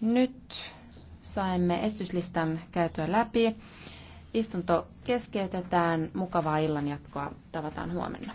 Nyt saimme esityslistan käytyä läpi. Istunto keskeytetään. Mukavaa illanjatkoa. Tavataan huomenna.